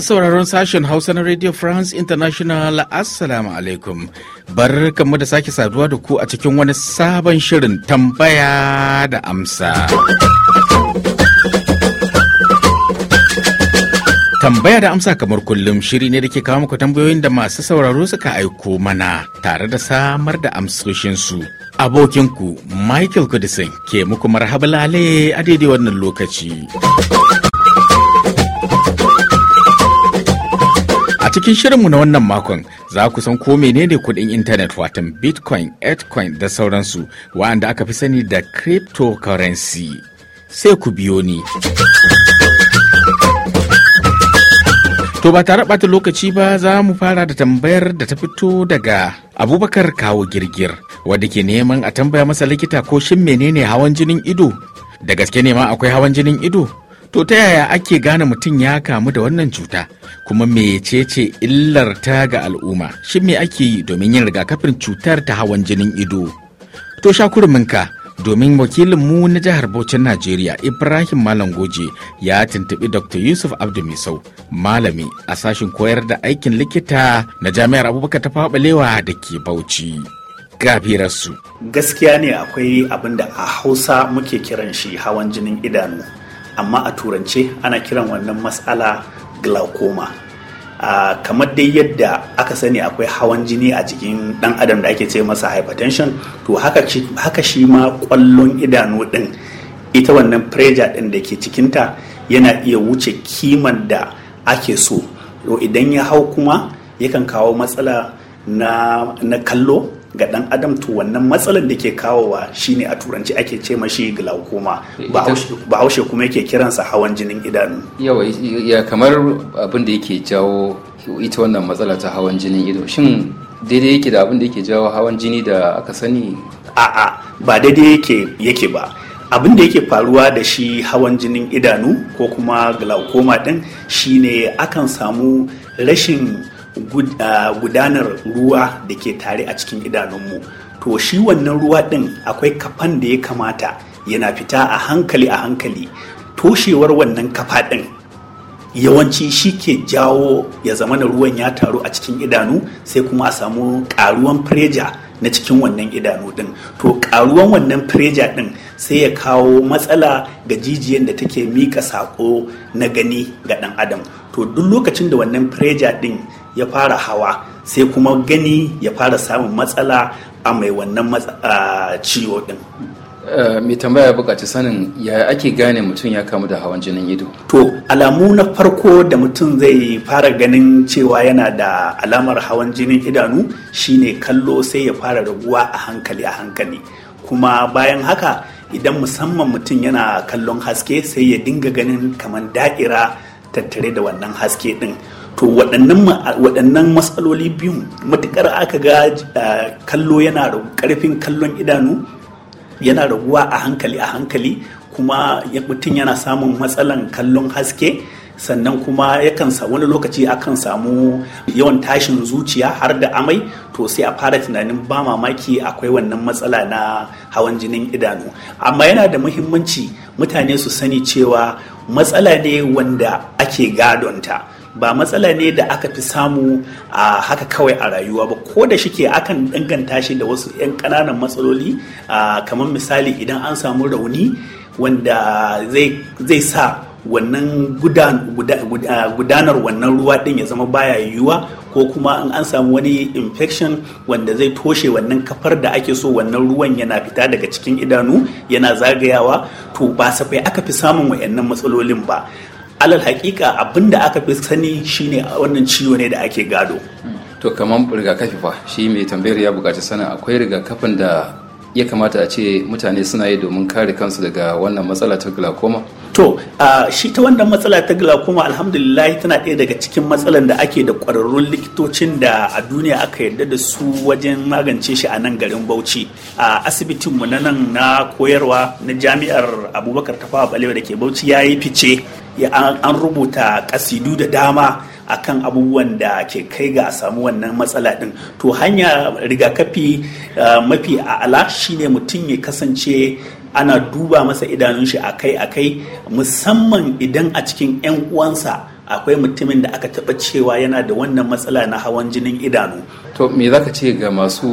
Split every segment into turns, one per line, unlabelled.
Masu sauraron sashen Hausa na Radio France International Assalamu alaikum. Bar mu da sake saduwa da ku a cikin wani sabon shirin tambaya da amsa. Tambaya da amsa kamar kullum shiri ne da ke kawo muku tambayoyin da masu sauraro suka aiko mana tare da samar da amsoshinsu. Abokinku Michael Kudisin ke muku marhaba lale a daidai wannan lokaci. A cikin shirinmu na wannan makon za ku san ko menene kuɗin intanet watan Bitcoin, Etcoin da sauransu wa'anda aka fi sani da cryptocurrency. Sai ku biyo ni. To ba tare ɓata lokaci ba za mu fara da tambayar da ta fito daga Abubakar Kawo Girgir wadda ke neman a tambaya masa likita ko shin menene hawan jinin ido? Da gaske ne ma akwai hawan jinin ido? To ta yaya ake gane mutum ya kamu da wannan cuta kuma mecece illar ta ga al'umma shi me ake yi domin yin rigakafin cutar ta hawan jinin ido? To sha kurminka domin wakilin mu na jihar Bauchin Najeriya Ibrahim Malam Goje ya tuntubi Dr. Yusuf Abdu Misau malami a sashin koyar da aikin likita na Jami'ar Abubakar ta Faɓalewa da ke Bauchi. Gafirarsu.
Gaskiya ne akwai abin da a Hausa muke kiran shi hawan jinin idanu. amma a turance ana kiran wannan matsala glaucoma uh, kamar dai yadda aka sani akwai hawan jini a jikin dan adam da ake ce masa hypertension to haka, haka shi ma kwallon idanu din ita wannan pressure din da ke cikinta yana iya wuce kiman da ake so to idan ya hau kuma yakan kawo matsala na, na kallo ga dan adam to wannan matsalar da ke kawowa shine a turanci ake ce mashi glaucoma bahaushe kuma yake kiransa hawan jinin idanu
yawa ya kamar abin da yake jawo
ita wannan matsala ta hawan jinin ido shin daidai yake da abin da yake jawo hawan jini da aka sani a'a ba daidai yake yake ba abin da yake faruwa da shi hawan jinin idanu ko kuma glaucoma din shine akan samu rashin Ah, gudanar ruwa da ke tare a cikin idanunmu to shi wannan ruwa ɗin akwai kafan da ya kamata yana fita a hankali a hankali toshewar wannan kafa ɗin yawanci shi ke jawo ya zama na ruwan ya taru a cikin idanu sai kuma a samu ƙaruwan preja na cikin wannan idanu ɗin to ƙaruwan wannan preja ɗin sai ya kawo matsala ga jijiyan da take mika saƙo na gani ga ɗan adam to duk lokacin da wannan preja ɗin ya fara hawa sai kuma gani ya fara samun matsala a mai wannan ciwo din eh, mai tambaya ya bukaci sanin
ya ake gane
mutum ya kamu da hawan jinin ido to alamu na farko da mutum zai fara ganin cewa yana da alamar hawan jinin idanu shine kallo sai ya fara raguwa a hankali a hankali kuma bayan haka idan musamman mutum yana kallon haske sai ya dinga ganin kamar da'ira tattare da wannan haske ɗin. to waɗannan matsaloli biyu matuƙar aka ga kallo yana da ƙarfin kallon idanu yana raguwa a hankali a hankali kuma mutum yana samun matsalan kallon haske sannan kuma yakan wani lokaci akan samu yawan tashin zuciya har da amai to sai a fara tunanin ba mamaki akwai wannan matsala na hawan jinin idanu amma yana da muhimmanci mutane su sani cewa matsala ne wanda ake gadonta ba matsala ne da aka fi samu a haka kawai a rayuwa ba ko da shike akan danganta shi da wasu 'yan ƙananan matsaloli kamar misali idan an samu rauni wanda zai sa wannan gudanar wannan ruwa din ya zama baya yiwuwa ko kuma in an samu wani infection wanda zai toshe wannan kafar da ake so wannan ruwan yana fita daga cikin idanu yana zagayawa to ba safai aka fi samun wayannan matsalolin ba alal hakika abin da aka fi sani shine wannan ciwo
ne da ake gado to kamar rigakafi fa shi mai tambayar ya bukaci sanin akwai rigakafin da ya kamata a ce mutane suna yi domin kare kansu daga wannan matsala ta glaucoma
To, shi ta wannan matsala ta glaucoma alhamdulillah tana ɗaya daga cikin matsalan da ake da ƙwararrun likitocin da a duniya aka yarda da su wajen magance shi a nan garin Bauchi. A asibitinmu na nan na koyarwa na jami'ar Abubakar Tafawa Balewa da ke Bauchi ya yi fice, an rubuta ƙasidu da dama akan abubuwan da ke kai ga a samu wannan matsala din to hanya rigakafi mafi a'ala shine mutum ya kasance ana duba masa idanun shi akai-akai musamman idan a cikin 'yan uwansa akwai mutumin da aka taɓa cewa yana da wannan matsala na hawan jinin idanu. To me za
ka ce ga masu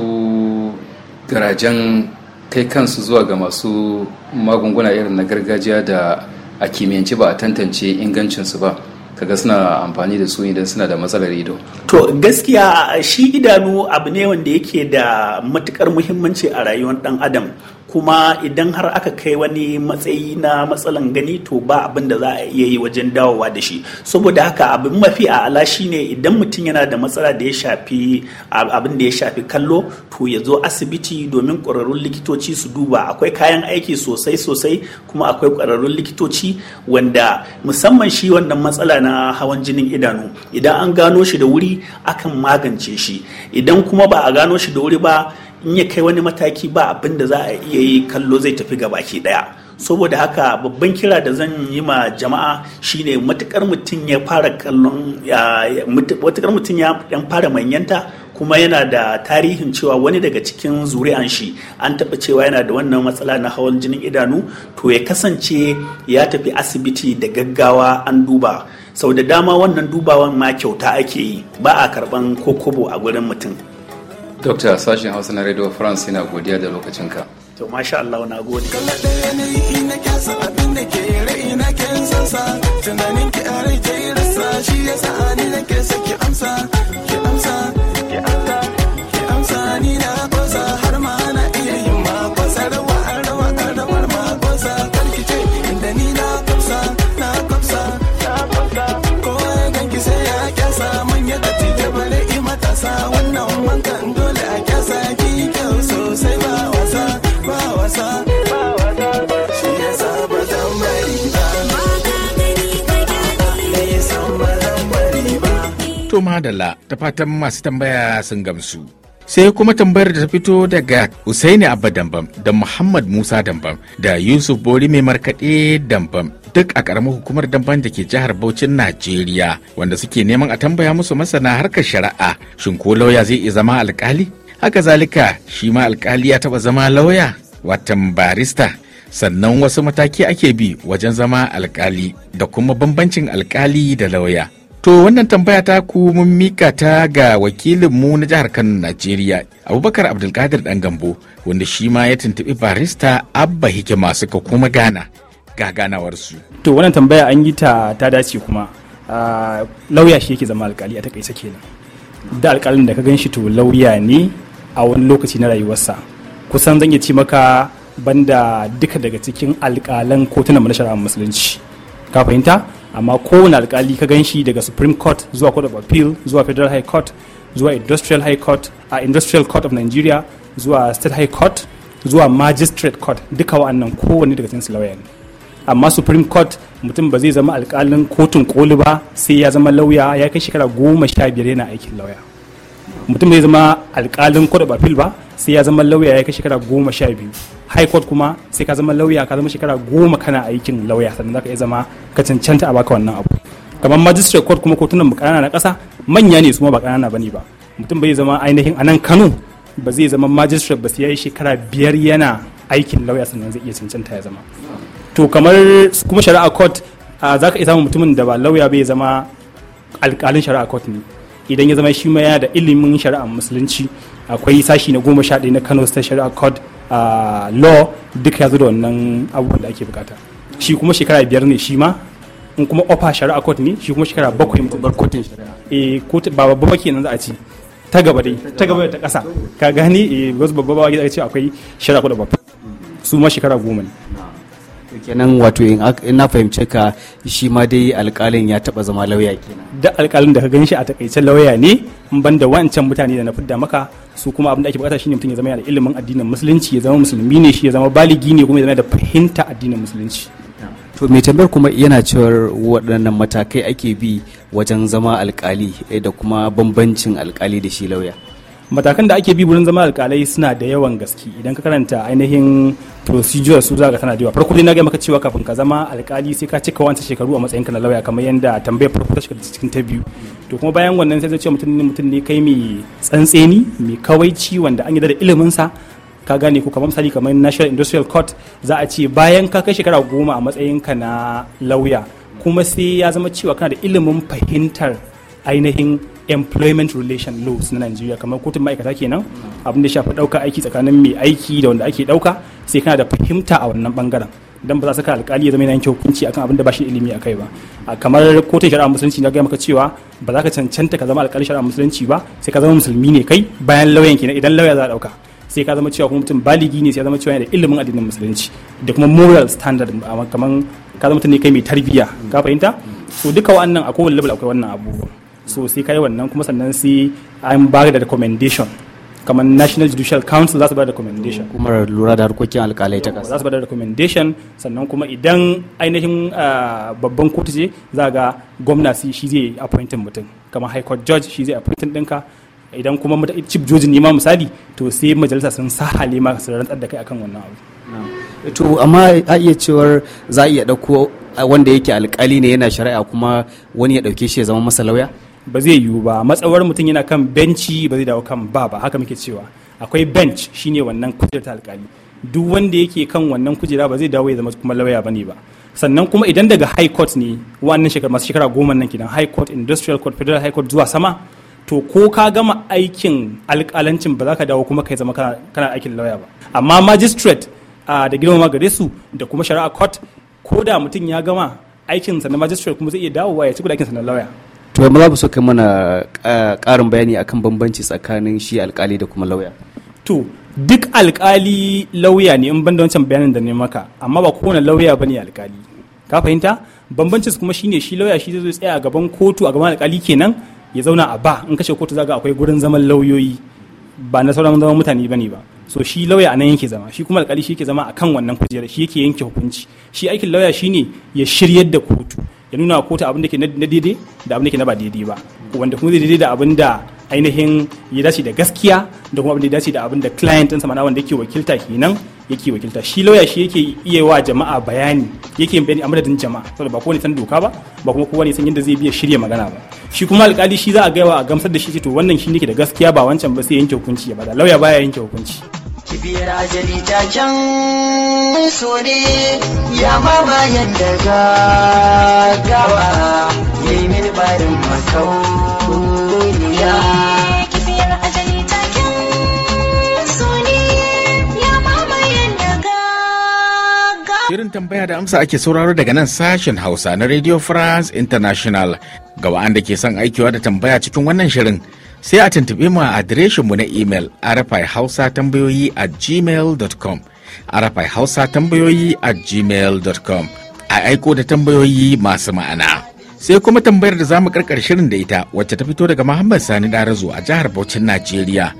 garajen kai kansu zuwa ga masu magunguna irin na gargajiya da a kimiyyance ba a tantance ingancinsu ba? kaga suna amfani da su idan suna da matsalar
ido to gaskiya shi idanu abu ne wanda yake da matukar muhimmanci a rayuwar dan adam kuma idan har aka kai wani matsayi na matsalan gani to ba abin da za a iya yi wajen dawowa da shi saboda haka abin mafi a ala shine idan mutum yana da matsala da ya shafi abin da ya shafi kallo to ya zo asibiti domin ƙwararrun likitoci su duba akwai kayan aiki sosai sosai kuma akwai ƙwararrun likitoci wanda musamman shi wannan matsala na hawan jinin idanu idan an gano shi da wuri akan magance shi idan kuma ba a gano shi da wuri ba in ya kai wani mataki ba abin da za a iya yi kallo zai tafi ga baki daya saboda haka babban kira da zan yi ma jama'a shine matukar mutum ya fara kallon matukar mutum ya fara manyanta kuma yana da tarihin cewa wani daga cikin zuri'an shi an taɓa cewa yana da wannan matsala na hawan jinin idanu to ya kasance ya tafi asibiti da gaggawa an duba sau da dama wannan dubawan ma kyauta ake yi ba a karban kokobo a gurin mutum dokta sashen hausa na radio france yana
godiya da lokacin ka.
to masha Allah na gode
madala ta fatan masu tambaya sun gamsu. Sai kuma tambayar da ta fito daga Usaini Abba Dambam da Muhammad Musa Dambam da Yusuf Bori mai markaɗe Dambam duk a ƙaramar hukumar dambam da ke jihar Bauchin Najeriya wanda suke neman a tambaya musu masana harkar shari'a shin ko lauya zai iya zama alƙali Haka zalika shi ma alƙali ya taɓa zama lauya watan barista sannan wasu mataki ake bi wajen zama alƙali da kuma bambancin alƙali da lauya To wannan tambaya ta ku mun mika ta ga wakilinmu na jihar Kano Najeriya Abubakar Abdulkadir Dan Gambo wanda shi ma ya tuntubi barista Abba Hikima suka kuma gana ga ganawarsu.
To wannan tambaya an yi ta ta dace kuma ah, lauya shi yake zama alkali a takaice kenan. Da alkalin da ka gan shi to lauya ne a wani lokaci na rayuwarsa. Kusan zan iya ce maka banda duka daga cikin alkalan kotunan na musulunci. Ka fahimta? amma kowane alkali ka gan shi daga supreme court zuwa court of appeal zuwa federal high court zuwa industrial high court a industrial court of nigeria zuwa state high court zuwa magistrate court duka wa'annan kowane daga cikin lauya ne amma supreme court mutum ba zai zama alkalin kotun koli ba sai ya zama lauya ya kai shekara goma sha biyar yana aikin lauya mutum zai zama alkalin court ba ba sai ya zama lauya ya kai shekara goma sha biyu high court kuma sai ka zama lauya ka zama shekara goma kana aikin lauya sannan za ka iya zama ka cancanta a baka wannan abu kamar magistrate court kuma kotunan bukana na ƙasa manya ne su ma ba ƙanana ba ne ba mutum bai zama ainihin a nan Kano ba zai zama magistrate ba sai ya yi shekara biyar yana aikin lauya sannan zai iya cancanta ya zama to kamar kuma shari'a court ka iya samun mutumin da ba lauya bai zama alkalin shari'a court ne idan ya zama shi ma yana da ilimin shari'ar musulunci akwai sashi na goma sha ɗaya na kano state shari'a code law duk ya zo da wannan abubuwan da ake bukata shi kuma shekara biyar ne shi ma in kuma Opa shari'a court ne shi kuma shekara bakwai mutum bar kotun shari'a eh kotu ba babba bake nan za a ci ta gaba dai ta gaba ta kasa ka gani eh wasu babba ba ga ce akwai shari'a court babba su ma shekara goma ne wato kenan wato in na fahimce ka shi ma dai alƙalin ya taɓa zama lauya kenan da alƙalin da ka gan shi a takaice lauya ne in ban da wancan mutane da na fidda maka su kuma abin da ake bukata shine mutum ya zama yana ilimin addinin musulunci ya zama musulmi ne shi ya zama baligi ne kuma ya zama da fahimta addinin musulunci to mai tambayar kuma yana cewar waɗannan matakai ake bi wajen zama alkali eh, da kuma bambancin alkali da shi lauya matakan da ake bi wurin zama alkalai suna da yawan gaske idan ka karanta ainihin procedure su za ka tana da yawa farko dai na ga maka cewa kafin ka zama alkali sai ka cika wancan shekaru a matsayin ka na lauya kamar yadda tambayar farko ta shiga cikin ta biyu to kuma bayan wannan sai zai ce mutum ne mutum ne kai mai tsantseni mai kawaici wanda an yi da ilimin sa ka gane ko kamar misali kamar national industrial court za a ce bayan ka kai shekara goma a matsayin ka na lauya kuma sai ya zama cewa kana da ilimin fahimtar ainihin employment relation laws na Nigeria kamar kotun ma'aikata kenan abin da shafi ɗauka aiki tsakanin mai aiki da wanda ake dauka sai kana da fahimta a wannan bangaren dan ba za su ka alƙali ya zama yana yanke hukunci akan abin da ba shi ilimi kai ba kamar kotun shari'a musulunci na gaya maka cewa ba za ka cancanta ka zama alkali shari'a musulunci ba sai ka zama musulmi ne kai bayan lauyan kenan idan lauya za a dauka sai ka zama cewa kuma mutum baligi ne sai ya zama cewa yana da ilimin addinin musulunci da kuma moral standard kamar ka zama mutum ne kai mai tarbiyya ka fahimta so duka wa'annan a kowane level akwai wannan abubuwa so sai kai wannan kuma sannan sai an ba da recommendation kamar national judicial council za su ba da recommendation kuma lura da harkokin alkalai ta kasa za su ba da recommendation sannan kuma idan ainihin ah, babban kotu ce za ga gwamna shi zai appointing mutum kamar high court judge shi zai appointing ɗinka idan kuma chief judge ne ma misali to sai majalisa sun sahale ma su rantsar da kai akan wannan abu to amma a iya cewar za a iya dauko ah, wanda yake alkali ne yana shari'a kuma wani ya dauke shi ya zama masa lauya ba zai yiwu ba matsawar mutum yana kan benci ba zai dawo kan ba ba haka muke cewa akwai bench shine wannan kujera ta alkali duk wanda yake kan wannan kujera ba zai dawo ya zama kuma lauya bane ba sannan kuma idan daga high court ne wannan shekara masu shekara goma nan kidan high court industrial court federal high court zuwa sama to ko ka gama aikin alkalancin ba za ka dawo kuma kai zama kana aikin lauya ba amma magistrate da girmama gare su da kuma shari'a court ko da mutum ya gama sa na magistrate kuma zai iya dawowa ya ci guda sa na lauya to yamma za mu so kai mana karin bayani akan bambanci tsakanin shi alkali da kuma lauya to duk alkali lauya ne in banda wancan bayanin da ne maka amma ba kowane lauya bane alkali ka fahimta bambancin kuma shine shi lauya shi zai tsaya a gaban kotu a gaban alkali kenan ya zauna a ba in kashe kotu zaga akwai gurin zaman lauyoyi ba na sauran zaman mutane bane ba so shi lauya anan yake zama shi kuma alkali shi yake zama akan wannan kujerar shi yake yanke hukunci shi aikin lauya shine ya shiryar da kotu ya nuna ta abin da ke na daidai da abin da ke na ba daidai ba wanda kuma zai daidai da abin da ainihin ya dace da gaskiya da kuma abin da ya dace da abin da client ɗinsa mana wanda yake wakilta kenan yake wakilta shi lauya shi yake iya wa jama'a bayani yake yin bayani a madadin jama'a saboda ba kowane san doka ba ba kuma kowane san yadda zai biya shirya magana ba shi kuma alkali shi za a gaiwa a gamsar da shi to wannan shi ne ke da gaskiya ba wancan ba sai yanke hukunci ba da lauya baya yanke hukunci
kibiyar
ajali ta can so ne ya mama ya
yi mini barin makauniya ya
shirin tambaya da amsa ake sauraro daga nan sashen hausa na radio france international ga wa'anda ke son aikiwa da tambaya cikin wannan shirin sai a tuntuɓi mu a adireshinmu na imel arafa hausa tambayoyi a gmail.com arafa hausa tambayoyi a gmail.com a aiko da tambayoyi masu ma'ana sai kuma tambayar da za mu karkar shirin da ita wacce ta fito daga muhammad sani darazo a jihar Bauchin najeriya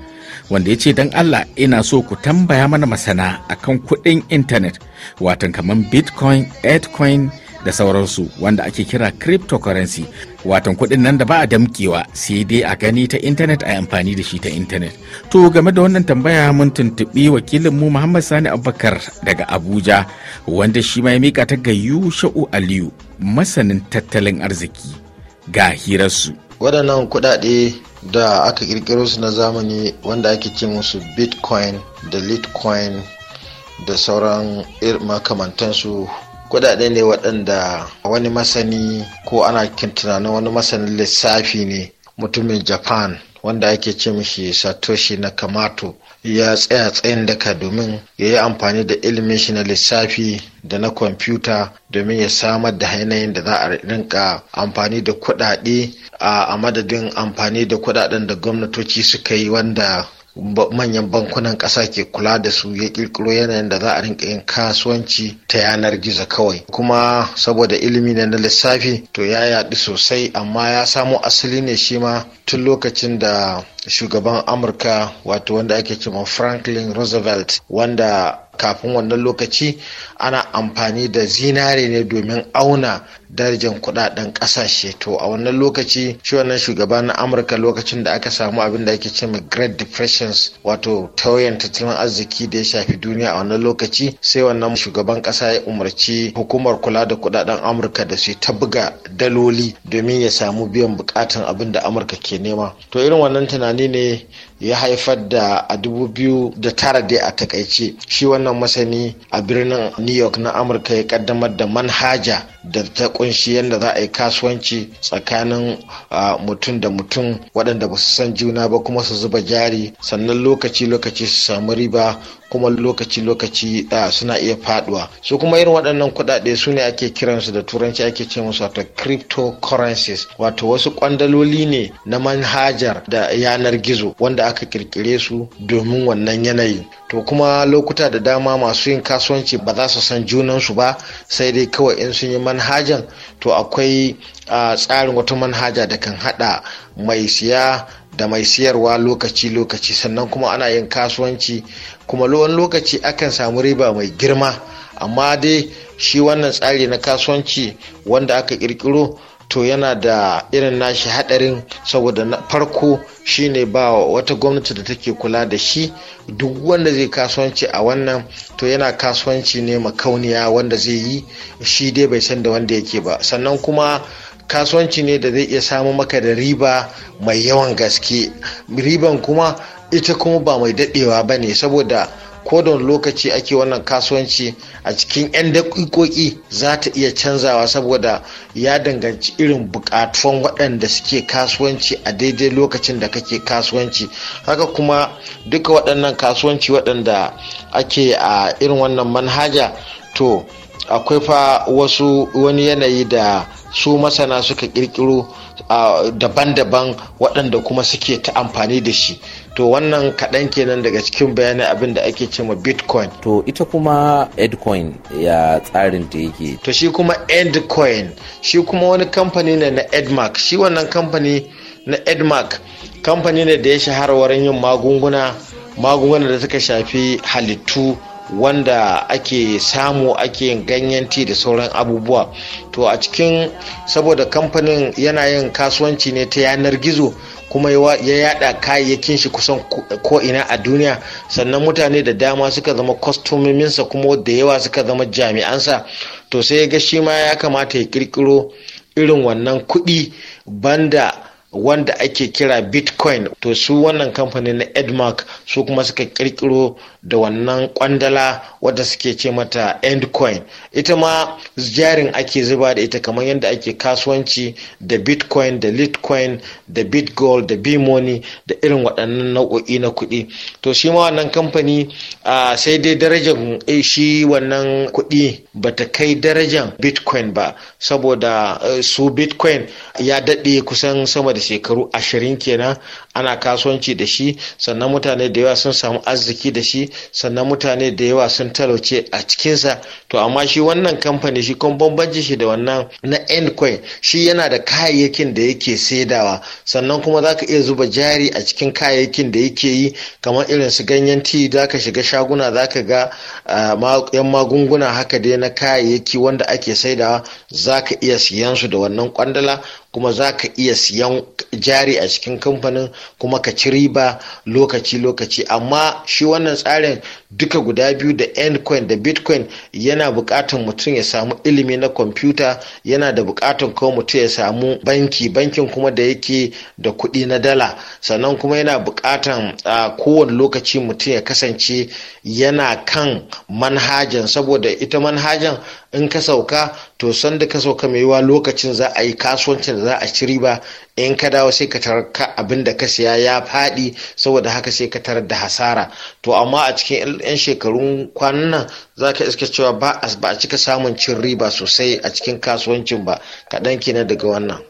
wanda ya ce don allah ina so ku tambaya mana masana akan kuɗin intanet watan kamar bitcoin bitcoin da sauransu wanda ake kira cryptocurrency watan kuɗin nan da ba a damkewa sai dai a gani ta intanet a amfani da shi ta intanet to game da wannan tambaya mun tuntuɓi wakilin mu muhammad sani abubakar daga abuja wanda shi ma ya mika ta ga yusha'u aliyu masanin tattalin arziki ga hirarsu
waɗannan kuɗaɗe da aka ƙirƙiro su na zamani wanda ake ce musu bitcoin da litcoin da sauran makamantansu kuɗaɗe ne waɗanda wani masani ko ana kin tunanin wani masanin lissafi ne mutumin japan wanda ake ce mishi satoshi na kamato ya tsaya tsayin daka domin ya yi amfani da ilimin shi na lissafi da na kwamfuta domin ya samar da hanyoyin da za a rinka amfani da kudade a madadin amfani da kuɗaɗen da gwamnatoci suka yi wanda manyan bankunan ƙasa ke kula da su ya ƙirƙiro yanayin da za a rinka yin kasuwanci ta yanar gizo kawai kuma saboda ilimi na lissafi to ya yaɗu sosai amma ya samo asali ne shi ma tun lokacin da shugaban amurka wato wanda ake cewa franklin roosevelt wanda kafin wannan lokaci ana amfani da zinare ne domin auna darajar kudaden kasashe to a wannan lokaci shi wannan shugaba na amurka lokacin da aka samu abin da ake cewa great depressions wato tauyen tattalin arziki da ya shafi duniya a wannan lokaci sai wannan shugaban kasa ya umarci hukumar kula da kudaden amurka da su ta buga daloli domin ya samu biyan bukatan abin da amurka ke nema to irin wannan tunani ne ya haifar da a dubu biyu da tara dai a takaice shi wannan masani a birnin new york na amurka ya kaddamar da manhaja da ta kunshi yadda za a yi kasuwanci tsakanin mutum da mutum waɗanda ba su san juna ba kuma su zuba jari sannan lokaci lokaci su samu riba kuma lokaci-lokaci ah, suna iya faduwa su kuma irin waɗannan kuɗaɗe su ne ake kiransu da turanci ake ce musu wato cryptocurrencies wato wasu kwandaloli ne na manhajar da yanar gizo wanda aka kirkire su domin wannan yanayi to kuma lokuta da dama masu yin kasuwanci ba za su san junansu ba sai dai kawai in sun yi manhajan to akwai ah, tsarin wata manhaja da kan hada mai siya da mai siyarwa lokaci-lokaci sannan kuma ana yin kasuwanci kuma wani lokaci akan samu riba mai girma amma dai shi wannan tsari na kasuwanci wanda aka kirkiro to yana da irin nashi hadarin saboda na farko shine ba wata gwamnati da take kula da shi duk wanda zai kasuwanci a wannan to yana kasuwanci ne makauniya wanda zai yi shi dai bai san da wanda yake ba sannan kuma kasuwanci ne da zai iya samu maka da riba mai yawan gaske riban kuma ita kuma ba mai daɗewa ba ne saboda kodon lokaci ake wannan kasuwanci a cikin 'yan daƙiƙoƙi za ta iya canzawa saboda ya danganci irin bukatun waɗanda suke kasuwanci a daidai lokacin da kake kasuwanci haka kuma duka waɗannan kasuwanci waɗanda ake a irin wannan manhaja to akwai fa wasu wani yanayi da su masana suka kirkiro daban-daban waɗanda kuma suke ta amfani da shi to wannan kaɗan kenan daga cikin bayanin abin da ake cema bitcoin to ita kuma edcoin ya tsarin da yake to shi kuma edcoin shi kuma wani kamfani ne na edmark shi wannan kamfani na edmark kamfani ne da ya shahara wurin yin magunguna magunguna da suka shafi halittu wanda ake samu ake yin ganyen da sauran abubuwa to a cikin saboda kamfanin yana yin kasuwanci ne ta yanar gizo kuma ya yada kayayyakin shi kusan ko'ina a duniya sannan mutane da dama suka zama kwastominsa kuma da yawa suka zama jami'ansa to sai ya ga shi ma ya kamata ya kirkiro irin wannan kuɗi banda wanda ake kira bitcoin to su wannan kamfanin na edmark su kuma suka kirkiro da wannan kwandala wadda suke ce mata endcoin ita ma jarin ake zuba da ita kamar yadda ake kasuwanci da bitcoin da litcoin da bitgold da Bimoni, da irin waɗannan nau'o'i na kuɗi to shi ma wannan kamfani sai dai darajar eh, shi wannan kuɗi ba ta kai darajar bitcoin ba saboda eh, su bitcoin ya daɗe kusan sama da da shekaru ashirin kenan ana kasuwanci da shi sannan mutane da yawa sun samu arziki da shi sannan mutane da yawa sun talauce a cikinsa to amma shi wannan kamfani shi kuma bambanci shi da wannan na endcoin shi yana da kayayyakin da yake saidawa sannan kuma zaka iya zuba jari a cikin kayayyakin da yake yi kamar irin su ganyen ti zaka shiga shaguna zaka ga yan magunguna haka dai na kayayyaki wanda ake saidawa zaka iya siyan su da wannan kwandala kuma za ka iya siyan jari a cikin kamfanin kuma ka ci riba lokaci-lokaci amma shi wannan tsarin duka guda biyu da endcoin da bitcoin yana bukatan mutum ya samu ilimi na kwamfuta yana da bukatan kuma mutum ya samu banki bankin kuma da yake da kuɗi na dala sannan kuma yana bukatan a kowane lokaci mutum ya kasance yana kan manhajan saboda ita manhajan in ka sauka to sanda ka sauka mai yiwa lokacin za a yi kasuwancin da za a ci riba in ka dawo sai ka tarar ka abin da ka siya ya faɗi saboda haka sai ka tarar da hasara to amma a cikin 'yan shekarun kwanan nan za ka iska cewa ba a cika samun cin riba sosai a cikin kasuwancin ba kaɗan kenan daga wannan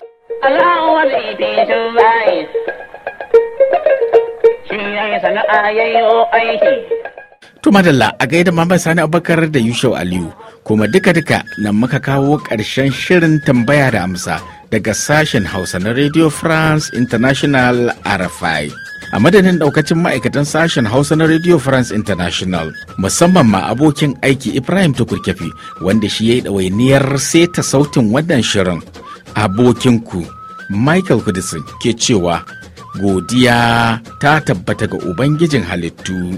To madalla
a gaida Mamman Sani Abubakar da Yusuf Aliyu. kuma duka-duka nan muka kawo ƙarshen shirin tambaya da amsa daga sashen hausa na radio france international rfi a madadin daukacin ma'aikatan sashen hausa na radio france international musamman ma abokin aiki ibrahim tukurkefi wanda shi ya yi ɗawainiyar seta sautin wannan shirin abokinku michael kudisin ke cewa godiya ta tabbata ga ubangijin halittu.